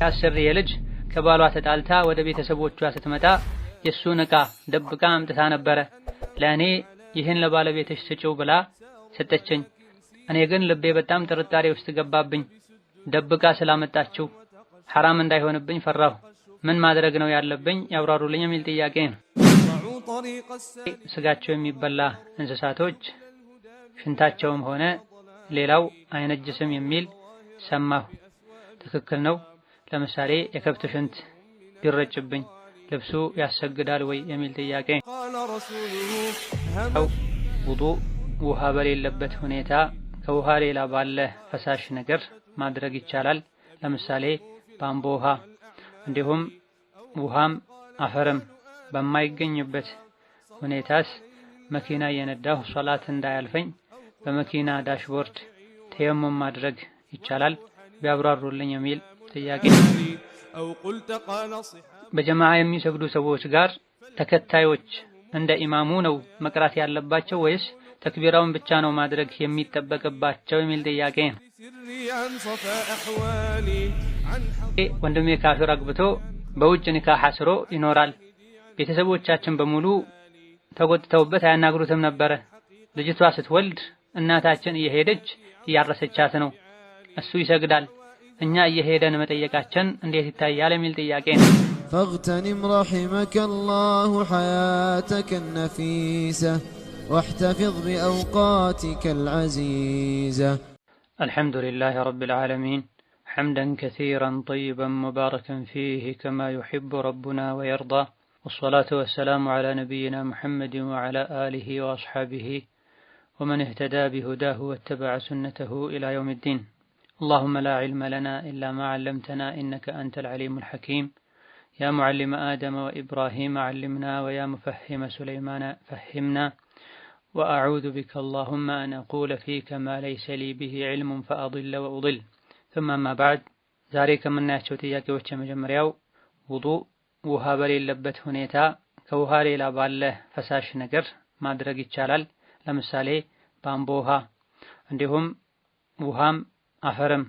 የአስር ልጅ ከባሏ ተጣልታ ወደ ቤተሰቦቿ ስትመጣ የእሱን ዕቃ ደብቃ አምጥታ ነበረ። ለእኔ ይህን ለባለቤትሽ ስጪው ብላ ሰጠችኝ። እኔ ግን ልቤ በጣም ጥርጣሬ ውስጥ ገባብኝ። ደብቃ ስላመጣችው ሐራም እንዳይሆንብኝ ፈራሁ። ምን ማድረግ ነው ያለብኝ? ያብራሩልኝ የሚል ጥያቄ ነው። ስጋቸው የሚበላ እንስሳቶች ሽንታቸውም ሆነ ሌላው አይነጅስም የሚል ሰማሁ። ትክክል ነው። ለምሳሌ የከብት ሽንት ቢረጭብኝ ልብሱ ያሰግዳል ወይ የሚል ጥያቄ ው ውዱእ ውሃ በሌለበት ሁኔታ ከውሃ ሌላ ባለ ፈሳሽ ነገር ማድረግ ይቻላል። ለምሳሌ ባምቦ ውሃ እንዲሁም ውሃም አፈርም በማይገኝበት ሁኔታስ መኪና እየነዳሁ ሶላት እንዳያልፈኝ በመኪና ዳሽቦርድ ተየሙም ማድረግ ይቻላል ቢያብራሩልኝ የሚል ጥያቄ። በጀማዓ የሚሰግዱ ሰዎች ጋር ተከታዮች እንደ ኢማሙ ነው መቅራት ያለባቸው ወይስ ተክቢራውን ብቻ ነው ማድረግ የሚጠበቅባቸው የሚል ጥያቄ ነው። ወንድሜ ካፊር አግብቶ በውጭ ኒካህ አስሮ ይኖራል። ቤተሰቦቻችን በሙሉ ተቆጥተውበት አያናግሩትም ነበረ። ልጅቷ ስትወልድ እናታችን እየሄደች እያረሰቻት ነው። እሱ ይሰግዳል፣ እኛ እየሄደን መጠየቃችን እንዴት ይታያል የሚል ጥያቄ ነው። فاغتنم رحمك الله حياتك النفيسة واحتفظ بأوقاتك العزيزة الحمد لله رب العالمين حمدا كثيرا طيبا مباركا فيه كما يحب ربنا ويرضى والصلاة والسلام على نبينا محمد وعلى آله وأصحابه ومن اهتدى بهداه واتبع سنته إلى يوم الدين اللهم لا علم لنا إلا ما علمتنا إنك أنت العليم الحكيم يا معلم آدم وإبراهيم علمنا ويا مفهم سليمان فهمنا وأعوذ بك اللهم أن أقول فيك ما ليس لي به علم فأضل وأضل ثم ما بعد ناشوتي ከምናያቸው ጥያቄዎች የመጀመሪያው ውዱእ ውሃ በሌለበት هنيتا ከውሃ ሌላ ባለ فساش ነገር ما ይቻላል። ለምሳሌ لمسالي بامبوها عندهم وهام አፈርም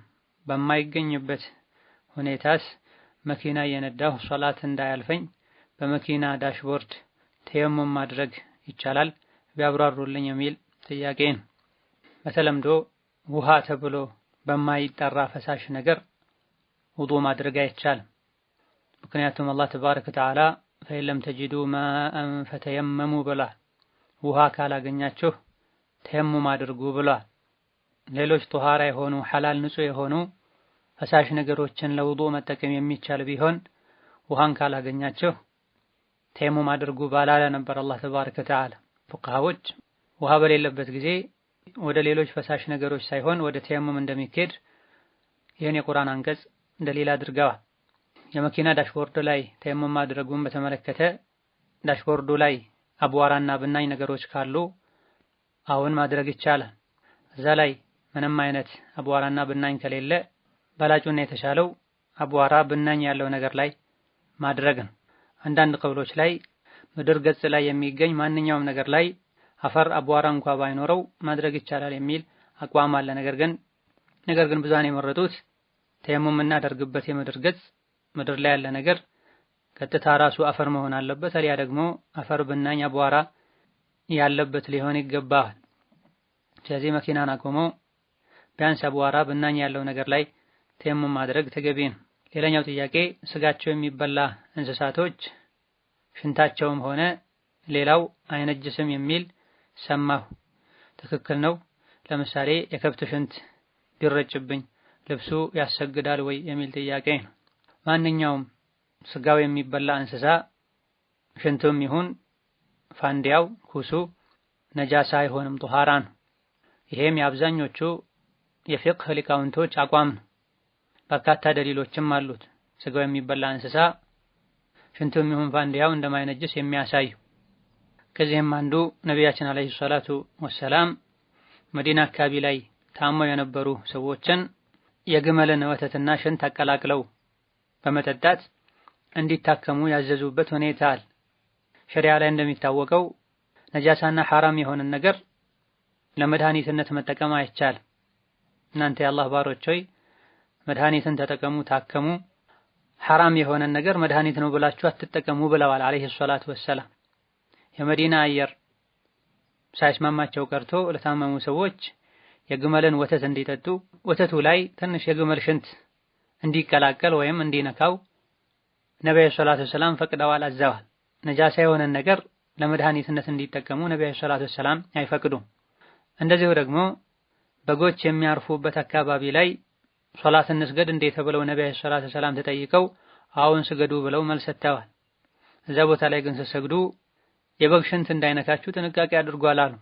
በማይገኝበት ሁኔታስ መኪና እየነዳሁ ሶላት እንዳያልፈኝ በመኪና ዳሽቦርድ ተየሙም ማድረግ ይቻላል? ቢያብራሩልኝ የሚል ጥያቄ ነው። በተለምዶ ውሃ ተብሎ በማይጠራ ፈሳሽ ነገር ውዱ ማድረግ አይቻልም። ምክንያቱም አላህ ተባረከ ወተዓላ ፈኢለም ተጅዱ ማአን ፈተየመሙ ብሏል። ውሃ ካላገኛችሁ ተየሙም አድርጉ ብሏል። ሌሎች ጡሃራ የሆኑ ሐላል ንጹህ የሆኑ ፈሳሽ ነገሮችን ለውጡ መጠቀም የሚቻል ቢሆን ውሃን ካላገኛቸው ቴሙም አድርጉ ባላለ ነበር አላህ ተባረከ ወተዓላ። ፉቃሃዎች ውሃ በሌለበት ጊዜ ወደ ሌሎች ፈሳሽ ነገሮች ሳይሆን ወደ ቴሙም እንደሚኬድ ይህን የቁርአን አንቀጽ እንደሌላ አድርገዋል። የመኪና ዳሽቦርድ ላይ ቴሙም ማድረጉን በተመለከተ ዳሽቦርዱ ላይ አቧራና ብናኝ ነገሮች ካሉ አሁን ማድረግ ይቻላል። እዛ ላይ ምንም አይነት አቧራና ብናኝ ከሌለ በላጩና የተሻለው አቧራ ብናኝ ያለው ነገር ላይ ማድረግ ነው። አንዳንድ ቀብሎች ላይ ምድር ገጽ ላይ የሚገኝ ማንኛውም ነገር ላይ አፈር አቧራ እንኳ ባይኖረው ማድረግ ይቻላል የሚል አቋም አለ። ነገር ግን ነገር ግን ብዙሃን የመረጡት ተየሙም እናደርግበት የምድር ገጽ ምድር ላይ ያለ ነገር ቀጥታ ራሱ አፈር መሆን አለበት፣ አሊያ ደግሞ አፈር ብናኝ አቧራ ያለበት ሊሆን ይገባል። ስለዚህ መኪናን አቆመው ቢያንስ አቧራ ብናኝ ያለው ነገር ላይ ተየሙም ማድረግ ተገቢ ነው። ሌላኛው ጥያቄ ስጋቸው የሚበላ እንስሳቶች ሽንታቸውም ሆነ ሌላው አይነጅስም የሚል ሰማሁ። ትክክል ነው። ለምሳሌ የከብት ሽንት ቢረጭብኝ ልብሱ ያሰግዳል ወይ የሚል ጥያቄ ነው። ማንኛውም ስጋው የሚበላ እንስሳ ሽንቱም ይሁን ፋንዲያው፣ ኩሱ ነጃሳ አይሆንም፣ ጦሃራ ነው። ይሄም የአብዛኞቹ የፊቅህ ሊቃውንቶች አቋም ነው። በርካታ ደሊሎችም አሉት። ስጋው የሚበላ እንስሳ ሽንቱ የሚሆን ፋንዲያው እንደማይነጅስ የሚያሳዩ ከዚህም አንዱ ነቢያችን አለይሂ ሰላቱ ወሰላም መዲና አካባቢ ላይ ታመው የነበሩ ሰዎችን የግመልን ወተትና ሽንት አቀላቅለው በመጠጣት እንዲታከሙ ያዘዙበት ሁኔታ አለ። ሸሪያ ላይ እንደሚታወቀው ነጃሳና ሐራም የሆነን ነገር ለመድኃኒትነት መጠቀም አይቻልም። እናንተ የአላህ ባሮች ሆይ መድኃኒትን ተጠቀሙ፣ ታከሙ። ሐራም የሆነን ነገር መድኃኒት ነው ብላችሁ አትጠቀሙ ብለዋል አለይሂ ሰላቱ ወሰላም። የመዲና አየር ሳይስማማቸው ቀርቶ ለታመሙ ሰዎች የግመልን ወተት እንዲጠጡ ወተቱ ላይ ትንሽ የግመል ሽንት እንዲቀላቀል ወይም እንዲነካው ነቢዩ ሰላቱ ወሰላም ፈቅደዋል፣ አዘዋል። ነጃሳ የሆነን ነገር ለመድኃኒትነት እንዲጠቀሙ ነቢዩ ሰላቱ ወሰላም አይፈቅዱም። እንደዚሁ ደግሞ በጎች የሚያርፉበት አካባቢ ላይ ሶላት እንስገድ እንዴ ተብለው ነቢ አለይሂ ሰላቱ ሰላም ተጠይቀው አዎን ስገዱ ብለው መልስ ሰጥተዋል። እዛ ቦታ ላይ ግን ስሰግዱ የበግ ሽንት እንዳይነካችሁ ጥንቃቄ አድርጓል አሉ።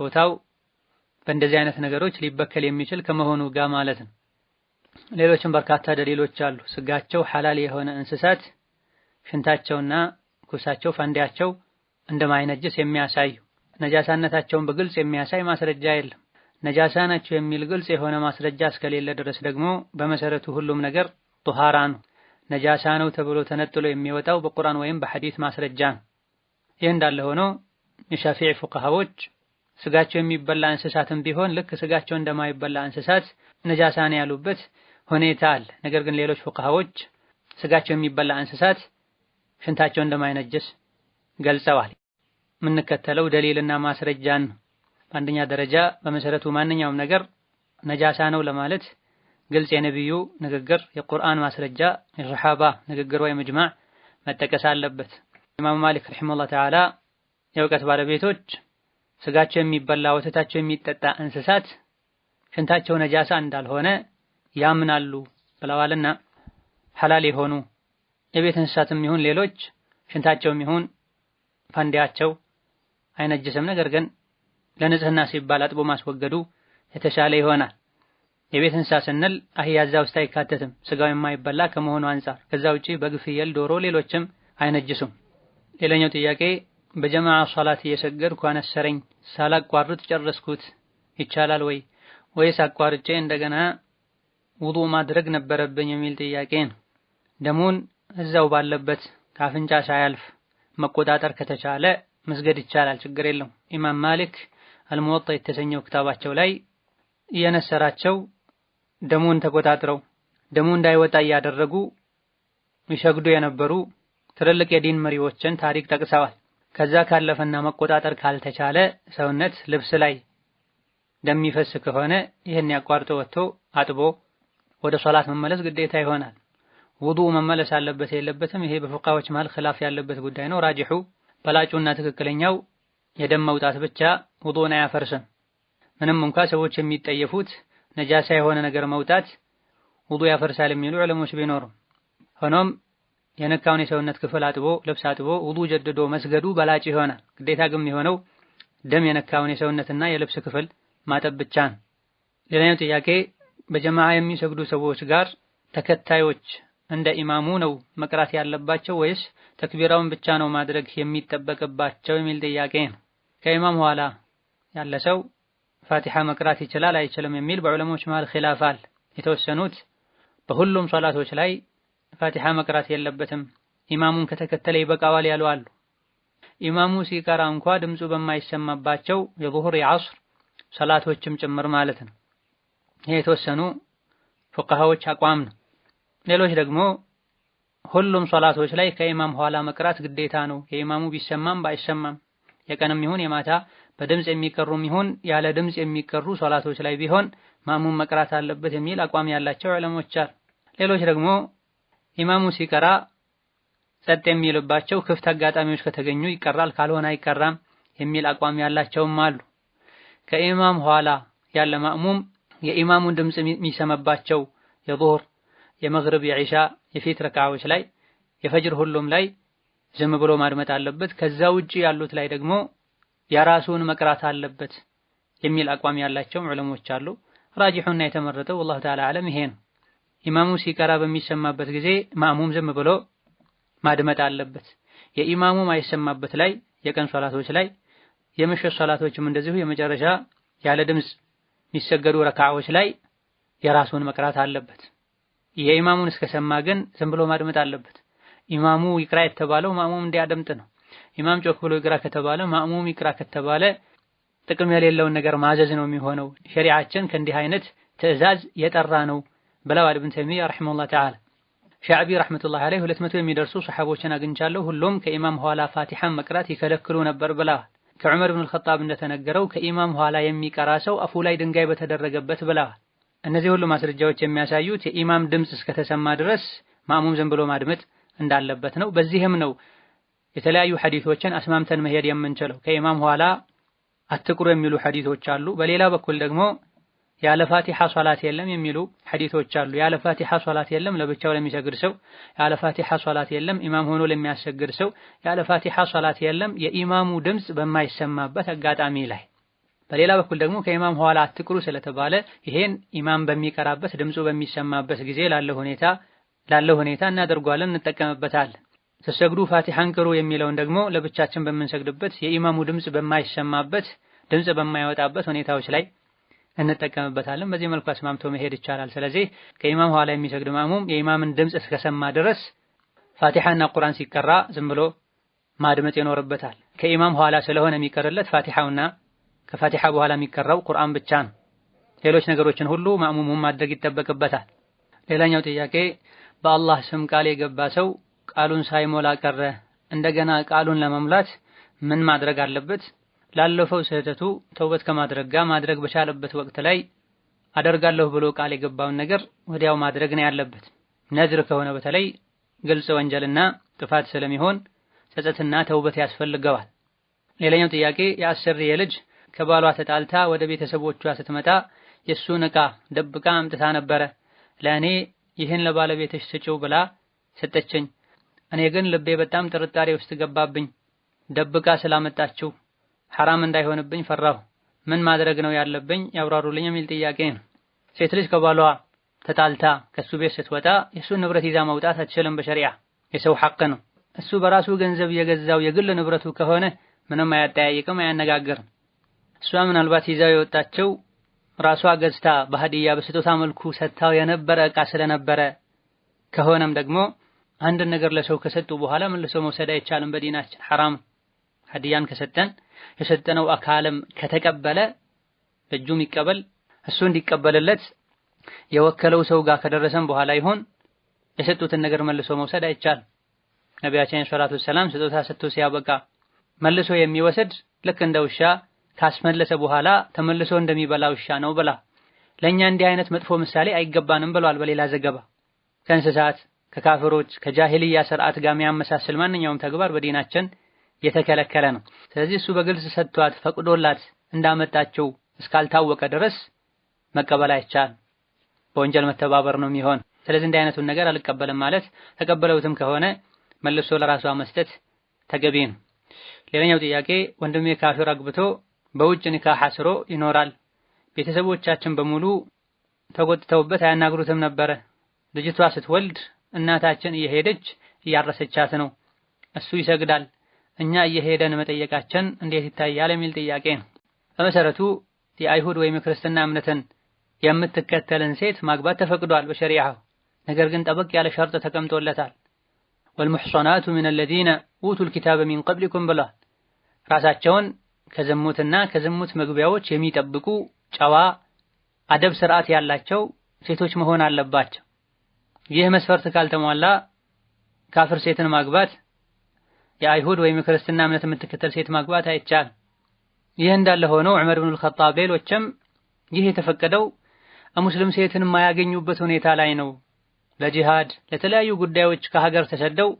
ቦታው በእንደዚህ አይነት ነገሮች ሊበከል የሚችል ከመሆኑ ጋር ማለት ነው። ሌሎችም በርካታ ደሊሎች አሉ። ስጋቸው ሐላል የሆነ እንስሳት ሽንታቸውና ኩሳቸው ፈንዲያቸው እንደማይነጅስ የሚያሳዩ ነጃሳነታቸውን በግልጽ የሚያሳይ ማስረጃ የለም። ነጃሳ ናቸው የሚል ግልጽ የሆነ ማስረጃ እስከሌለ ድረስ ደግሞ በመሰረቱ ሁሉም ነገር ጦሃራ ነው። ነጃሳ ነው ተብሎ ተነጥሎ የሚወጣው በቁርአን ወይም በሐዲስ ማስረጃ ነው። ይህ እንዳለ ሆኖ የሻፊዒ ፉቃሃዎች ስጋቸው የሚበላ እንስሳትም ቢሆን ልክ ስጋቸው እንደማይበላ እንስሳት ነጃሳ ነው ያሉበት ሁኔታ አለ። ነገር ግን ሌሎች ፉቃሃዎች ስጋቸው የሚበላ እንስሳት ሽንታቸው እንደማይነጀስ ገልጸዋል። የምንከተለው ደሊልና ማስረጃን ነው። በአንደኛ ደረጃ በመሰረቱ ማንኛውም ነገር ነጃሳ ነው ለማለት ግልጽ የነቢዩ ንግግር፣ የቁርአን ማስረጃ፣ የሰሓባ ንግግር ወይም እጅማዕ መጠቀስ አለበት። ኢማሙ ማሊክ ረሒመሁላህ ተዓላ የእውቀት ባለቤቶች ስጋቸው የሚበላ ወተታቸው የሚጠጣ እንስሳት ሽንታቸው ነጃሳ እንዳልሆነ ያምናሉ ብለዋልና ሐላል የሆኑ የቤት እንስሳትም ይሁን ሌሎች ሽንታቸውም ይሁን ፈንዲያቸው አይነጅስም። ነገር ግን ለንጽህና ሲባል አጥቦ ማስወገዱ የተሻለ ይሆናል። የቤት እንስሳ ስንል አህያ እዛ ውስጥ አይካተትም፣ ስጋው የማይበላ ከመሆኑ አንጻር። ከዛ ውጪ በግ፣ ፍየል፣ ዶሮ፣ ሌሎችም አይነጅሱም። ሌላኛው ጥያቄ በጀማዓ ሶላት እየሰገድኩ አነሰረኝ፣ ሳላቋርጥ ጨረስኩት ይቻላል ወይ ወይስ አቋርጬ እንደገና ውዱእ ማድረግ ነበረብኝ የሚል ጥያቄ ነው። ደሙን እዛው ባለበት ከአፍንጫ ሳያልፍ መቆጣጠር ከተቻለ መስገድ ይቻላል፣ ችግር የለውም። ኢማም ማሊክ አልሙወጣ የተሰኘው ክታባቸው ላይ እየነሰራቸው ደሙን ተቆጣጥረው ደሙ እንዳይወጣ እያደረጉ ይሸግዱ የነበሩ ትልልቅ የዲን መሪዎችን ታሪክ ጠቅሰዋል። ከዛ ካለፈና መቆጣጠር ካልተቻለ ሰውነት ልብስ ላይ እንደሚፈስ ከሆነ ይህን ያቋርጦ ወጥቶ አጥቦ ወደ ሶላት መመለስ ግዴታ ይሆናል። ውዱእ መመለስ አለበት የለበትም፣ ይሄ በፉቃዎች መሃል ኺላፍ ያለበት ጉዳይ ነው። ራጅሑ በላጩና ትክክለኛው የደም መውጣት ብቻ ውዱእን አያፈርስም። ምንም እንኳ ሰዎች የሚጠየፉት ነጃሳ የሆነ ነገር መውጣት ውዱእ ያፈርሳል የሚሉ ዕለሞች ቢኖሩም ሆኖም የነካውን የሰውነት ክፍል አጥቦ ልብስ አጥቦ ውዱእ ጀድዶ መስገዱ በላጭ ይሆናል። ግዴታ ግን የሆነው ደም የነካውን የሰውነትና የልብስ ክፍል ማጠብ ብቻ ነው። ሌላኛው ጥያቄ በጀማዓ የሚሰግዱ ሰዎች ጋር ተከታዮች እንደ ኢማሙ ነው መቅራት ያለባቸው ወይስ ተክቢራውን ብቻ ነው ማድረግ የሚጠበቅባቸው የሚል ጥያቄ ነው። ከኢማም ኋላ ያለ ሰው ፋቲሓ መቅራት ይችላል አይችልም የሚል በዑለሞች መሃል ኺላፍ አለ። የተወሰኑት በሁሉም ሶላቶች ላይ ፋቲሓ መቅራት የለበትም ኢማሙን ከተከተለ ይበቃዋል ያሉ አሉ። ኢማሙ ሲቀራ እንኳ ድምፁ በማይሰማባቸው የዙሁር የዐስር ሰላቶችም ጭምር ማለት ነው። ይህ የተወሰኑ ፉቃሃዎች አቋም ነው። ሌሎች ደግሞ ሁሉም ሶላቶች ላይ ከኢማም ኋላ መቅራት ግዴታ ነው የኢማሙ ቢሰማም ባይሰማም የቀንም ይሁን የማታ በድምፅ የሚቀሩም ይሁን ያለ ድምፅ የሚቀሩ ሶላቶች ላይ ቢሆን ማሙም መቅራት አለበት የሚል አቋም ያላቸው ዕለሞች አሉ። ሌሎች ደግሞ ኢማሙ ሲቀራ ጸጥ የሚልባቸው ክፍት አጋጣሚዎች ከተገኙ ይቀራል፣ ካልሆነ አይቀራም የሚል አቋም ያላቸውም አሉ። ከኢማም ኋላ ያለ ማእሙም የኢማሙን ድምፅ የሚሰማባቸው የዙሁር፣ የመግሪብ፣ የዒሻ፣ የፊት ረካዓዎች ላይ የፈጅር ሁሉም ላይ ዝም ብሎ ማድመጥ አለበት። ከዛ ውጪ ያሉት ላይ ደግሞ የራሱን መቅራት አለበት የሚል አቋም ያላቸውም ዑለሞች አሉ። ራጂሑና የተመረጠው ወላሁ ተዓላ አለም ይሄ ነው። ኢማሙ ሲቀራ በሚሰማበት ጊዜ ማእሙም ዝም ብሎ ማድመጥ አለበት። የኢማሙ ማይሰማበት ላይ የቀን ሶላቶች ላይ የምሽት ሶላቶችም እንደዚሁ የመጨረሻ ያለ ድምፅ የሚሰገዱ ረካዓዎች ላይ የራሱን መቅራት አለበት። የኢማሙን እስከሰማ ግን ዝም ብሎ ማድመጥ አለበት። ኢማሙ ይቅራ የተባለው ማእሙም እንዲያደምጥ ነው። ኢማም ጮክ ብሎ ይቅራ ከተባለ ማእሙም ይቅራ ከተባለ ጥቅም የሌለውን ነገር ማዘዝ ነው የሚሆነው። ሸሪዓችን ከእንዲህ አይነት ትዕዛዝ የጠራ ነው ብለዋል ኢብን ተይሚያ ረሂመሁላህ ተዓላ። ሻዕቢ ረህመቱላህ አለይህ ሁለት መቶ የሚደርሱ ሰሓቦችን አግኝቻለሁ ሁሉም ከኢማም ኋላ ፋቲሐን መቅራት ይከለክሉ ነበር ብለዋል። ከዑመር ብን አልኸጣብ እንደተነገረው ከኢማም ኋላ የሚቀራ ሰው አፉ ላይ ድንጋይ በተደረገበት ብለዋል። እነዚህ ሁሉ ማስረጃዎች የሚያሳዩት የኢማም ድምፅ እስከተሰማ ድረስ ማእሙም ዝም ብሎ ማድመጥ እንዳለበት ነው። በዚህም ነው የተለያዩ ሐዲሶችን አስማምተን መሄድ የምንችለው። ከኢማም ኋላ አትቁሩ የሚሉ ሐዲሶች አሉ። በሌላ በኩል ደግሞ ያለ ፋቲሃ ሶላት የለም የሚሉ ሐዲሶች አሉ። ያለ ፋቲሃ ሶላት የለም ለብቻው ለሚሰግድ ሰው፣ ያለ ፋቲሃ ሶላት የለም ኢማም ሆኖ ለሚያሰግድ ሰው፣ ያለ ፋቲሃ ሶላት የለም የኢማሙ ድምፅ በማይሰማበት አጋጣሚ ላይ በሌላ በኩል ደግሞ ከኢማም ኋላ አትቅሩ ስለተባለ ይሄን ኢማም በሚቀራበት ድምፁ በሚሰማበት ጊዜ ላለ ሁኔታ ላለው ሁኔታ እናደርጓለን፣ እንጠቀምበታለን። ስሰግዱ ፋቲሐን ቅሩ የሚለውን ደግሞ ለብቻችን በምንሰግድበት የኢማሙ ድምፅ በማይሰማበት ድምፅ በማይወጣበት ሁኔታዎች ላይ እንጠቀምበታለን። በዚህ መልኩ አስማምቶ መሄድ ይቻላል። ስለዚህ ከኢማም ኋላ የሚሰግድ ማሙም የኢማምን ድምፅ እስከሰማ ድረስ ፋቲሐና ቁርአን ሲቀራ ዝም ብሎ ማድመጥ ይኖርበታል። ከኢማም ኋላ ስለሆነ የሚቀርለት ፋቲሐውና ከፋቲሐ በኋላ የሚቀራው ቁርአን ብቻ ነው። ሌሎች ነገሮችን ሁሉ ማእሙሙን ማድረግ ይጠበቅበታል። ሌላኛው ጥያቄ በአላህ ስም ቃል የገባ ሰው ቃሉን ሳይሞላ ቀረ። እንደገና ቃሉን ለመሙላት ምን ማድረግ አለበት? ላለፈው ስህተቱ ተውበት ከማድረግ ጋር ማድረግ በቻለበት ወቅት ላይ አደርጋለሁ ብሎ ቃል የገባውን ነገር ወዲያው ማድረግ ነው ያለበት። ነዝር ከሆነ በተለይ ግልጽ ወንጀልና ጥፋት ስለሚሆን ጸጸትና ተውበት ያስፈልገዋል። ሌላኛው ጥያቄ የአሰሪዬ ልጅ ከባሏ ተጣልታ ወደ ቤተሰቦቿ ስትመጣ የእሱን ዕቃ ደብቃ አምጥታ ነበረ ለእኔ ይህን ለባለቤትሽ ስጪው ብላ ሰጠችኝ። እኔ ግን ልቤ በጣም ጥርጣሬ ውስጥ ገባብኝ። ደብቃ ስላመጣችው ሐራም እንዳይሆንብኝ ፈራሁ። ምን ማድረግ ነው ያለብኝ ያብራሩልኝ የሚል ጥያቄ ነው። ሴት ልጅ ከባሏ ተጣልታ ከሱ ቤት ስትወጣ የሱን ንብረት ይዛ መውጣት አትችልም። በሸሪዓ የሰው ሐቅ ነው። እሱ በራሱ ገንዘብ የገዛው የግል ንብረቱ ከሆነ ምንም አያጠያይቅም፣ አያነጋግርም። እሷ ምናልባት ይዛው የወጣቸው ራሷ ገዝታ በሀዲያ በስጦታ መልኩ ሰጥታው የነበረ እቃ ስለነበረ ከሆነም ደግሞ አንድን ነገር ለሰው ከሰጡ በኋላ መልሶ መውሰድ አይቻልም። በዲናችን ሐራም። ሀዲያን ከሰጠን የሰጠነው አካልም ከተቀበለ እጁም ይቀበል እሱ እንዲቀበልለት የወከለው ሰው ጋር ከደረሰም በኋላ ይሆን የሰጡትን ነገር መልሶ መውሰድ አይቻልም። ነቢያችን ሰላቱ ሰላም ስጦታ ሰጥቶ ሲያበቃ መልሶ የሚወሰድ ልክ እንደ ውሻ ካስመለሰ በኋላ ተመልሶ እንደሚበላ ውሻ ነው ብላ ለእኛ እንዲህ አይነት መጥፎ ምሳሌ አይገባንም ብሏል። በሌላ ዘገባ ከእንስሳት ከካፍሮች ከጃሂልያ ስርዓት ጋር የሚያመሳስል ማንኛውም ተግባር በዲናችን የተከለከለ ነው። ስለዚህ እሱ በግልጽ ሰጥቷት ፈቅዶላት እንዳመጣቸው እስካልታወቀ ድረስ መቀበል አይቻል፣ በወንጀል መተባበር ነው የሚሆን። ስለዚህ እንዲህ አይነቱን ነገር አልቀበልም ማለት ተቀበለውትም ከሆነ መልሶ ለራሷ መስጠት ተገቢ ነው። ሌላኛው ጥያቄ ወንድሜ ካፊር አግብቶ በውጭ ኒካህ አስሮ ይኖራል። ቤተሰቦቻችን በሙሉ ተቆጥተውበት አያናግሩትም ነበረ። ልጅቷ ስትወልድ እናታችን እየሄደች እያረሰቻት ነው፣ እሱ ይሰግዳል፣ እኛ እየሄደን መጠየቃችን እንዴት ይታያል የሚል ጥያቄ ነው። በመሰረቱ የአይሁድ ወይም የክርስትና እምነትን የምትከተልን ሴት ማግባት ተፈቅዷል በሸሪዓው። ነገር ግን ጠበቅ ያለ ሸርጥ ተቀምጦለታል። ወልሙሕሶናቱ ሚነለዚነ ኡቱል ኪታበ ሚን ቀብሊኩም ብሏል። ራሳቸውን ከዝሙትና ከዝሙት መግቢያዎች የሚጠብቁ ጨዋ አደብ ስርዓት ያላቸው ሴቶች መሆን አለባቸው። ይህ መስፈርት ካልተሟላ ካፍር ሴትን ማግባት የአይሁድ ወይም የክርስትና እምነት የምትከተል ሴት ማግባት አይቻልም። ይህ እንዳለ ሆኖ ዑመር ብኑል ኸጣብ ሌሎችም ይህ የተፈቀደው ሙስሊም ሴትን የማያገኙበት ሁኔታ ላይ ነው። ለጂሃድ ለተለያዩ ጉዳዮች ከሀገር ተሰደው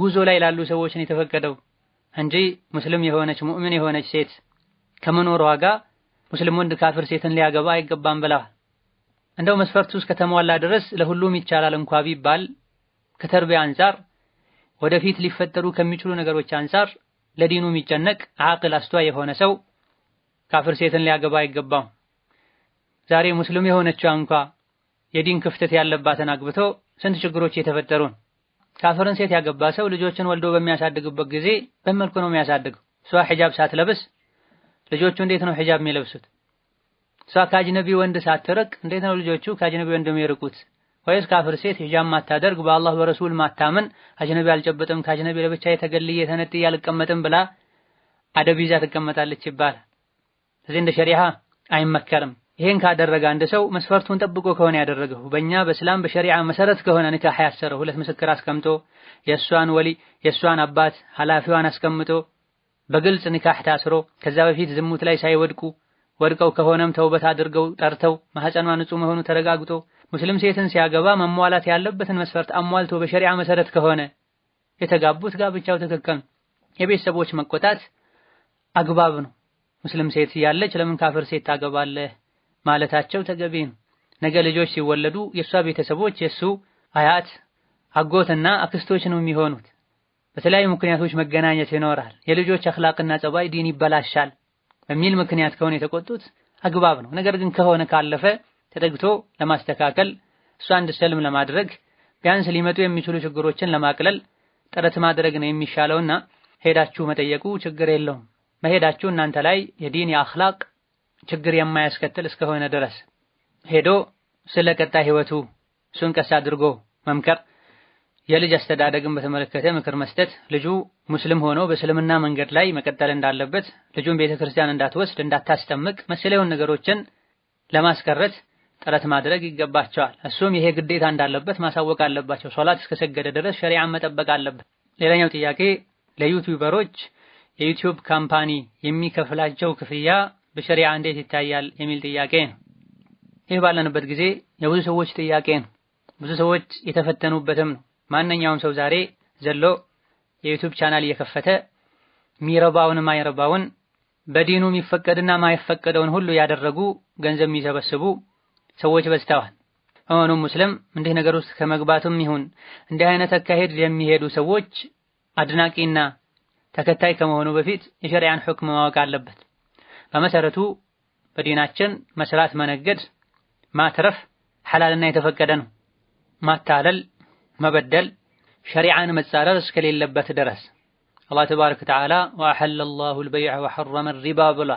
ጉዞ ላይ ላሉ ሰዎች ነው የተፈቀደው። እንጂ ሙስሊም የሆነች ሙእሚን የሆነች ሴት ከመኖሯ ጋር ሙስሊም ወንድ ካፍር ሴትን ሊያገባ አይገባም ብላ እንደው መስፈርቱ እስከተሟላ ድረስ ለሁሉም ይቻላል እንኳ ቢባል ከተርቢያ አንጻር ወደፊት ሊፈጠሩ ከሚችሉ ነገሮች አንጻር ለዲኑ የሚጨነቅ አቅል አስተዋይ የሆነ ሰው ካፍር ሴትን ሊያገባ አይገባም። ዛሬ ሙስሊም የሆነችዋ እንኳ የዲን ክፍተት ያለባትን አግብቶ ስንት ችግሮች እየተፈጠሩን? ካፍርን ሴት ያገባ ሰው ልጆችን ወልዶ በሚያሳድግበት ጊዜ በመልኩ ነው የሚያሳድገው። እሷ ሒጃብ ሳትለብስ ልጆቹ እንዴት ነው ሒጃብ የሚለብሱት? እሷ ከአጅነቢ ወንድ ሳትርቅ እንዴት ነው ልጆቹ ከአጅነቢ ወንድ የሚርቁት? ወይስ ካፍር ሴት ሒጃብ ማታደርግ በአላህ በረሱል ማታምን አጅነቢ አልጨበጥም ከአጅነቢ ለብቻ የተገልየ ተነጥዬ አልቀመጥም ብላ አደብ ይዛ ትቀመጣለች ይባላል። እዚህ እንደ ሸሪዓ አይመከርም። ይሄን ካደረገ አንድ ሰው መስፈርቱን ጠብቆ ከሆነ ያደረገው በእኛ በእስላም በሸሪዓ መሰረት ከሆነ ንካህ ያሰረው ሁለት ምስክር አስቀምጦ የእሷን ወሊ የእሷን አባት ኃላፊዋን አስቀምጦ በግልጽ ንካህ ታስሮ ከዛ በፊት ዝሙት ላይ ሳይወድቁ ወድቀው ከሆነም ተውበት አድርገው ጠርተው ማህፀኗ ንጹህ መሆኑ ተረጋግጦ ሙስሊም ሴትን ሲያገባ መሟላት ያለበትን መስፈርት አሟልቶ በሸሪዓ መሰረት ከሆነ የተጋቡት ጋብቻው ትክክል የቤተሰቦች መቆጣት አግባብ ነው። ሙስሊም ሴት እያለች ለምን ካፍር ሴት ታገባለህ? ማለታቸው ተገቢ ነው። ነገ ልጆች ሲወለዱ የእሷ ቤተሰቦች የእሱ አያት፣ አጎትና አክስቶች ነው የሚሆኑት። በተለያዩ ምክንያቶች መገናኘት ይኖራል። የልጆች አኽላቅና ጸባይ ዲን ይበላሻል በሚል ምክንያት ከሆነ የተቆጡት አግባብ ነው። ነገር ግን ከሆነ ካለፈ ተጠግቶ ለማስተካከል እሷ እንድትሰልም ለማድረግ ቢያንስ ሊመጡ የሚችሉ ችግሮችን ለማቅለል ጥረት ማድረግ ነው የሚሻለውና ሄዳችሁ መጠየቁ ችግር የለውም። መሄዳችሁ እናንተ ላይ የዲን የአኽላቅ ችግር የማያስከትል እስከሆነ ድረስ ሄዶ ስለ ቀጣይ ህይወቱ እሱን ቀስ አድርጎ መምከር፣ የልጅ አስተዳደግን በተመለከተ ምክር መስጠት፣ ልጁ ሙስሊም ሆኖ በእስልምና መንገድ ላይ መቀጠል እንዳለበት፣ ልጁን ቤተ ክርስቲያን እንዳትወስድ እንዳታስጠምቅ፣ መሰለውን ነገሮችን ለማስቀረት ጥረት ማድረግ ይገባቸዋል። እሱም ይሄ ግዴታ እንዳለበት ማሳወቅ አለባቸው። ሶላት እስከሰገደ ድረስ ሸሪዓን መጠበቅ አለበት። ሌላኛው ጥያቄ ለዩቲዩበሮች የዩቲዩብ ካምፓኒ የሚከፍላቸው ክፍያ በሸሪዓ እንዴት ይታያል የሚል ጥያቄ ነው። ይህ ባለንበት ጊዜ የብዙ ሰዎች ጥያቄ ነው። ብዙ ሰዎች የተፈተኑበትም ነው። ማንኛውም ሰው ዛሬ ዘሎ የዩቲዩብ ቻናል እየከፈተ ሚረባውን ማይረባውን በዲኑ የሚፈቀድና ማይፈቀደውን ሁሉ ያደረጉ ገንዘብ የሚሰበስቡ ሰዎች በዝተዋል። ሆኖም ሙስሊም እንዲህ ነገር ውስጥ ከመግባቱም ይሁን እንዲህ አይነት አካሄድ የሚሄዱ ሰዎች አድናቂና ተከታይ ከመሆኑ በፊት የሸሪያን ሕክም ማወቅ አለበት። በመሰረቱ በዲናችን መስራት፣ መነገድ፣ ማትረፍ ሐላልና የተፈቀደ ነው። ማታለል፣ መበደል ሸሪዓን መጻረር እስከሌለበት ድረስ አላህ ተባረከ ወተዓላ ወአሐለ አላሁ አልበይዐ ወሐረመ ሪባ ብሏል።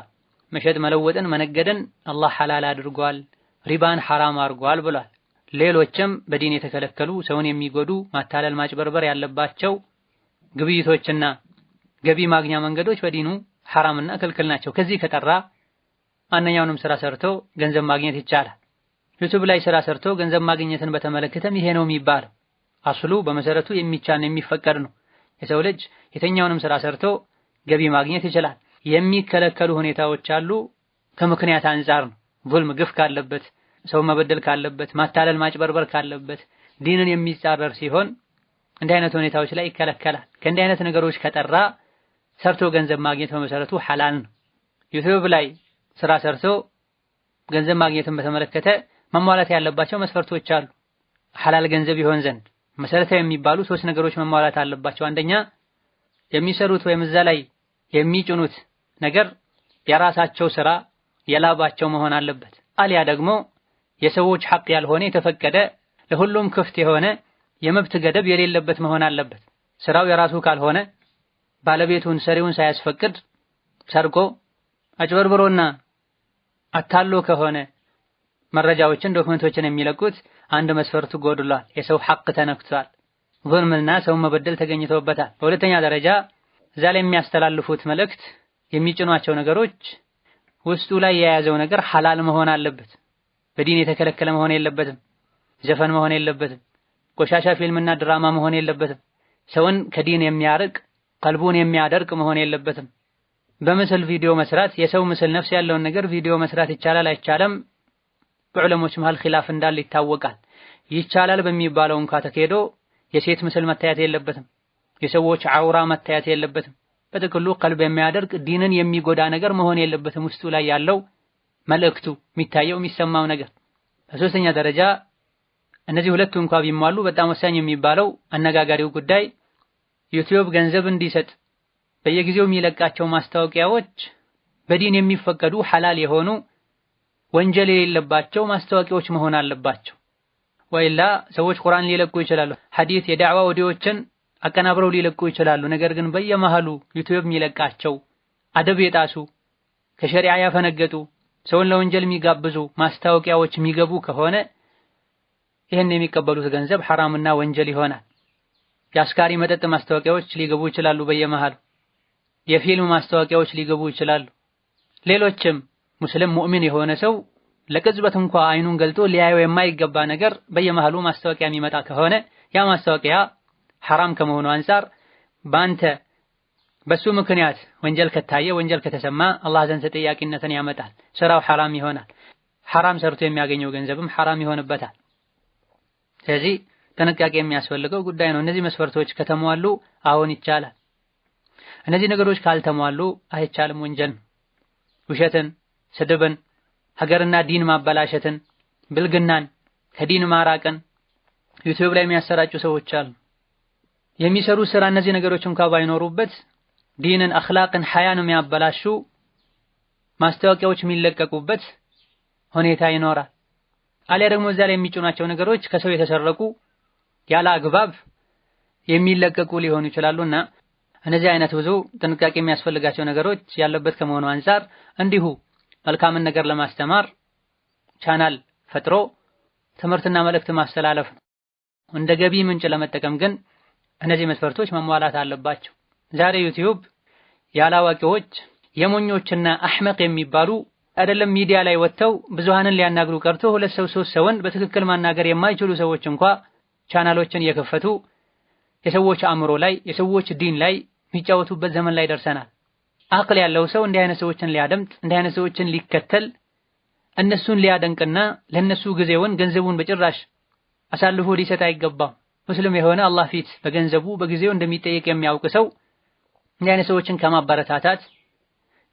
መሸጥ መለወጥን መነገድን አላህ ሐላል አድርጓል፣ ሪባን ሐራም አድርጓል ብሏል። ሌሎችም በዲን የተከለከሉ ሰውን የሚጎዱ ማታለል፣ ማጭበርበር ያለባቸው ግብይቶችና ገቢ ማግኛ መንገዶች በዲኑ ሐራምና ክልክል ናቸው። ከዚህ ከጠራ ማንኛውንም ስራ ሰርቶ ገንዘብ ማግኘት ይቻላል። ዩቱብ ላይ ስራ ሰርቶ ገንዘብ ማግኘትን በተመለከተም ይሄ ነው የሚባለው። አስሉ በመሰረቱ የሚቻል የሚፈቀድ ነው። የሰው ልጅ የተኛውንም ስራ ሰርቶ ገቢ ማግኘት ይችላል። የሚከለከሉ ሁኔታዎች አሉ። ከምክንያት አንጻር ነው። ዙልም ግፍ ካለበት፣ ሰው መበደል ካለበት፣ ማታለል ማጭበርበር ካለበት፣ ዲንን የሚጻረር ሲሆን እንዲህ አይነት ሁኔታዎች ላይ ይከለከላል። ከእንዲህ አይነት ነገሮች ከጠራ ሰርቶ ገንዘብ ማግኘት በመሰረቱ ሐላል ነው። ዩቲዩብ ላይ ስራ ሰርቶ ገንዘብ ማግኘትን በተመለከተ መሟላት ያለባቸው መስፈርቶች አሉ። ሐላል ገንዘብ ይሆን ዘንድ መሰረታዊ የሚባሉ ሶስት ነገሮች መሟላት አለባቸው። አንደኛ የሚሰሩት ወይም እዛ ላይ የሚጭኑት ነገር የራሳቸው ስራ የላባቸው መሆን አለበት። አልያ ደግሞ የሰዎች ሐቅ ያልሆነ የተፈቀደ ለሁሉም ክፍት የሆነ የመብት ገደብ የሌለበት መሆን አለበት። ስራው የራሱ ካልሆነ ባለቤቱን ሰሪውን ሳያስፈቅድ ሰርቆ አጭበርብሮና አታሎ ከሆነ መረጃዎችን ዶክመንቶችን የሚለቁት አንድ መስፈርቱ ጎድሏል። የሰው ሐቅ ተነክቷል። ዙልምና ሰው መበደል ተገኝቶበታል። በሁለተኛ ደረጃ እዛ ላይ የሚያስተላልፉት መልእክት የሚጭኗቸው ነገሮች ውስጡ ላይ የያዘው ነገር ሐላል መሆን አለበት። በዲን የተከለከለ መሆን የለበትም። ዘፈን መሆን የለበትም። ቆሻሻ ፊልምና ድራማ መሆን የለበትም። ሰውን ከዲን የሚያርቅ ቀልቡን የሚያደርቅ መሆን የለበትም። በምስል ቪዲዮ መስራት የሰው ምስል ነፍስ ያለውን ነገር ቪዲዮ መስራት ይቻላል አይቻልም፣ በዑለሞች መሃል ኺላፍ እንዳለ ይታወቃል። ይቻላል በሚባለው እንኳ ተካሄዶ የሴት ምስል መታየት የለበትም። የሰዎች አውራ መታየት የለበትም። በጥቅሉ ቀልብ የሚያደርቅ ዲንን የሚጎዳ ነገር መሆን የለበትም። ውስጡ ላይ ያለው መልእክቱ የሚታየው የሚሰማው ነገር። በሶስተኛ ደረጃ እነዚህ ሁለቱ እንኳ ቢሟሉ በጣም ወሳኝ የሚባለው አነጋጋሪው ጉዳይ ዩቲዩብ ገንዘብ እንዲሰጥ በየጊዜው የሚለቃቸው ማስታወቂያዎች በዲን የሚፈቀዱ ሐላል የሆኑ ወንጀል የሌለባቸው ማስታወቂያዎች መሆን አለባቸው። ወይላ ሰዎች ቁርአን ሊለቁ ይችላሉ፣ ሐዲት የዳዕዋ ወዲዎችን አቀናብረው ሊለቁ ይችላሉ። ነገር ግን በየመሃሉ ዩቲዩብ የሚለቃቸው አደብ የጣሱ ከሸሪዓ ያፈነገጡ ሰውን ለወንጀል የሚጋብዙ ማስታወቂያዎች የሚገቡ ከሆነ ይህን የሚቀበሉት ገንዘብ ሐራምና ወንጀል ይሆናል። የአስካሪ መጠጥ ማስታወቂያዎች ሊገቡ ይችላሉ። በየመሃል የፊልም ማስታወቂያዎች ሊገቡ ይችላሉ። ሌሎችም ሙስሊም ሙእሚን የሆነ ሰው ለቅጽበት እንኳ አይኑን ገልጦ ሊያየው የማይገባ ነገር በየመሃሉ ማስታወቂያ የሚመጣ ከሆነ ያ ማስታወቂያ ሐራም ከመሆኑ አንፃር በአንተ በሱ ምክንያት ወንጀል ከታየ ወንጀል ከተሰማ አላህ ዘንድ ተጠያቂነትን ያመጣል። ስራው ሐራም ይሆናል። ሐራም ሰርቶ የሚያገኘው ገንዘብም ሐራም ይሆንበታል። ስለዚህ ጥንቃቄ የሚያስፈልገው ጉዳይ ነው። እነዚህ መስፈርቶች ከተሟሉ አሁን ይቻላል። እነዚህ ነገሮች ካልተሟሉ አይቻልም። ወንጀል ውሸትን፣ ስድብን፣ ሀገርና ዲን ማበላሸትን፣ ብልግናን፣ ከዲን ማራቅን ዩቲዩብ ላይ የሚያሰራጩ ሰዎች አሉ። የሚሰሩ ስራ እነዚህ ነገሮች እንኳ ባይኖሩበት ዲንን፣ አኽላቅን፣ ሐያን የሚያበላሹ ማስታወቂያዎች የሚለቀቁበት ሁኔታ ይኖራል። አሊያ ደግሞ እዚያ ላይ የሚጭኗቸው ነገሮች ከሰው የተሰረቁ ያለ አግባብ የሚለቀቁ ሊሆኑ ይችላሉና እነዚህ አይነት ብዙ ጥንቃቄ የሚያስፈልጋቸው ነገሮች ያለበት ከመሆኑ አንጻር እንዲሁ መልካምን ነገር ለማስተማር ቻናል ፈጥሮ ትምህርትና መልእክት ማስተላለፍ ነው። እንደ ገቢ ምንጭ ለመጠቀም ግን እነዚህ መስፈርቶች መሟላት አለባቸው። ዛሬ ዩቲዩብ ያላዋቂዎች የሞኞችና አህመቅ የሚባሉ አይደለም ሚዲያ ላይ ወጥተው ብዙሃንን ሊያናግሩ ቀርቶ ሁለት ሰው ሶስት ሰውን በትክክል ማናገር የማይችሉ ሰዎች እንኳ ቻናሎችን የከፈቱ የሰዎች አእምሮ ላይ የሰዎች ዲን ላይ የሚጫወቱበት ዘመን ላይ ደርሰናል። አቅል ያለው ሰው እንዲህ አይነት ሰዎችን ሊያደምጥ እንዲህ አይነት ሰዎችን ሊከተል እነሱን ሊያደንቅና ለነሱ ጊዜውን ገንዘቡን በጭራሽ አሳልፎ ሊሰጥ አይገባም። ሙስሊም የሆነ አላህ ፊት በገንዘቡ በጊዜው እንደሚጠየቅ የሚያውቅ ሰው እንዲህ አይነት ሰዎችን ከማበረታታት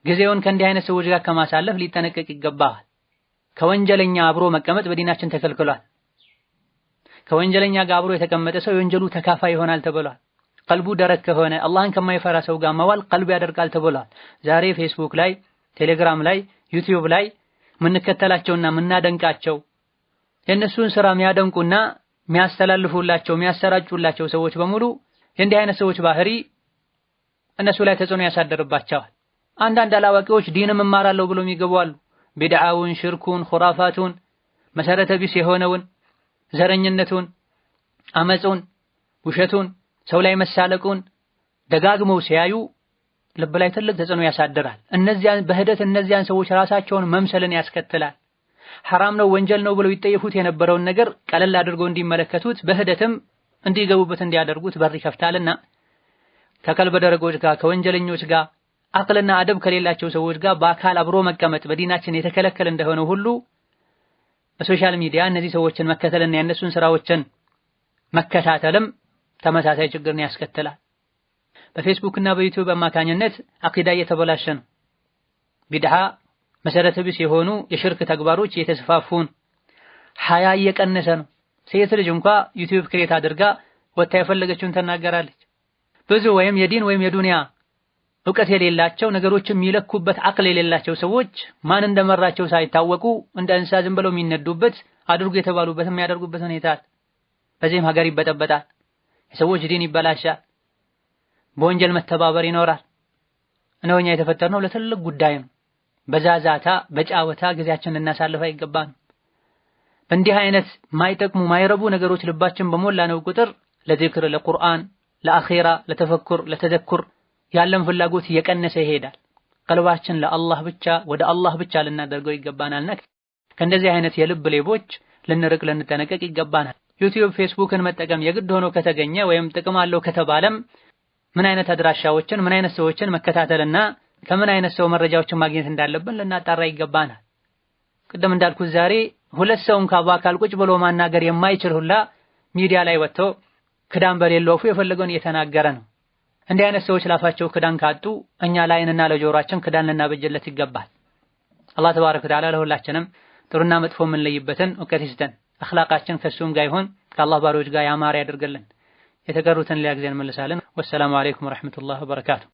ጊዜውን ከእንዲህ አይነት ሰዎች ጋር ከማሳለፍ ሊጠነቀቅ ይገባል። ከወንጀለኛ አብሮ መቀመጥ በዲናችን ተከልክሏል። ከወንጀለኛ ጋር አብሮ የተቀመጠ ሰው የወንጀሉ ተካፋይ ይሆናል ተብሏል። ቀልቡ ደረቅ ከሆነ አላህን ከማይፈራ ሰው ጋር መዋል ቀልብ ያደርቃል ተብሏል። ዛሬ ፌስቡክ ላይ፣ ቴሌግራም ላይ፣ ዩቲዩብ ላይ የምንከተላቸውና ምናደንቃቸው የእነሱን ስራ የሚያደንቁና የሚያስተላልፉላቸው የሚያሰራጩላቸው ሰዎች በሙሉ የእንዲህ አይነት ሰዎች ባህሪ እነሱ ላይ ተጽዕኖ ያሳደርባቸዋል። አንዳንድ አላዋቂዎች ዲንም እማራለሁ ብሎም አሉ። ቢድዓውን፣ ሽርኩን፣ ኹራፋቱን መሰረተ ቢስ የሆነውን ዘረኝነቱን፣ አመጹን፣ ውሸቱን፣ ሰው ላይ መሳለቁን ደጋግመው ሲያዩ ልብ ላይ ትልቅ ተጽዕኖ ያሳድራል። እነዚያን በህደት እነዚያን ሰዎች ራሳቸውን መምሰልን ያስከትላል። ሐራም ነው ወንጀል ነው ብለው ይጠየፉት የነበረውን ነገር ቀለል አድርገው እንዲመለከቱት በህደትም እንዲገቡበት እንዲያደርጉት በር ይከፍታልና ከቀልበ ደረጎች ጋር ከወንጀለኞች ጋር አቅልና አደብ ከሌላቸው ሰዎች ጋር በአካል አብሮ መቀመጥ በዲናችን የተከለከለ እንደሆነ ሁሉ በሶሻል ሚዲያ እነዚህ ሰዎችን መከተልና የእነሱን ስራዎችን መከታተልም ተመሳሳይ ችግርን ያስከትላል። በፌስቡክ እና በዩቲዩብ አማካኝነት አቂዳ እየተበላሸ ነው። ቢድሃ መሰረተ ቢስ የሆኑ የሽርክ ተግባሮች እየተስፋፉን፣ ሀያ እየቀነሰ ነው። ሴት ልጅ እንኳ ዩቲዩብ ክሬት አድርጋ ወታ የፈለገችውን ትናገራለች። ብዙ ወይም የዲን ወይም የዱንያ እውቀት የሌላቸው ነገሮች የሚለኩበት አቅል የሌላቸው ሰዎች ማን እንደመራቸው ሳይታወቁ እንደ እንስሳ ዝም ብለው የሚነዱበት አድርጉ የተባሉበት የሚያደርጉበት ሁኔታ አለ። በዚህም ሀገር ይበጠበጣል፣ የሰዎች ዲን ይበላሻል፣ በወንጀል መተባበር ይኖራል። እነሆኛ የተፈጠርነው ለትልቅ ጉዳይ ነው። በዛዛታ በጫወታ ጊዜያችን ልናሳልፍ አይገባም። በእንዲህ አይነት ማይጠቅሙ ማይረቡ ነገሮች ልባችን በሞላ ነው ቁጥር ለዚክር፣ ለቁርአን፣ ለአኼራ፣ ለተፈኩር፣ ለተደኩር ያለን ፍላጎት እየቀነሰ ይሄዳል። ቀልባችን ለአላህ ብቻ ወደ አላህ ብቻ ልናደርገው ይገባናልና ከእንደዚህ አይነት የልብ ሌቦች ልንርቅ ልንጠነቀቅ ይገባናል። ዩቲዩብ፣ ፌስቡክን መጠቀም የግድ ሆኖ ከተገኘ ወይም ጥቅም አለው ከተባለም ምን አይነት አድራሻዎችን ምን አይነት ሰዎችን መከታተልና ከምን አይነት ሰው መረጃዎችን ማግኘት እንዳለብን ልናጣራ ይገባናል። ቅድም እንዳልኩት ዛሬ ሁለት ሰውን በአካል ቁጭ ብሎ ማናገር የማይችል ሁላ ሚዲያ ላይ ወጥቶ ክዳን በሌለው አፉ የፈለገውን እየተናገረ ነው። እንዲህ አይነት ሰዎች ላፋቸው ክዳን ካጡ እኛ ለአይንና ለጆሮአችን ክዳን ልናበጅለት ይገባል። አላህ ተባረከ ወተዓላ ለሁላችንም ጥሩና መጥፎ የምንለይበትን እውቀት ይስጠን። አኽላቃችን ከሱም ጋር ይሁን ከአላህ ባሪዎች ጋር ያማረ ያደርገልን። የተቀሩትን ሊያግዘን ጊዜ እንመልሳለን። ወሰላሙ አለይኩም ወረሕመቱላሂ ወበረካቱ።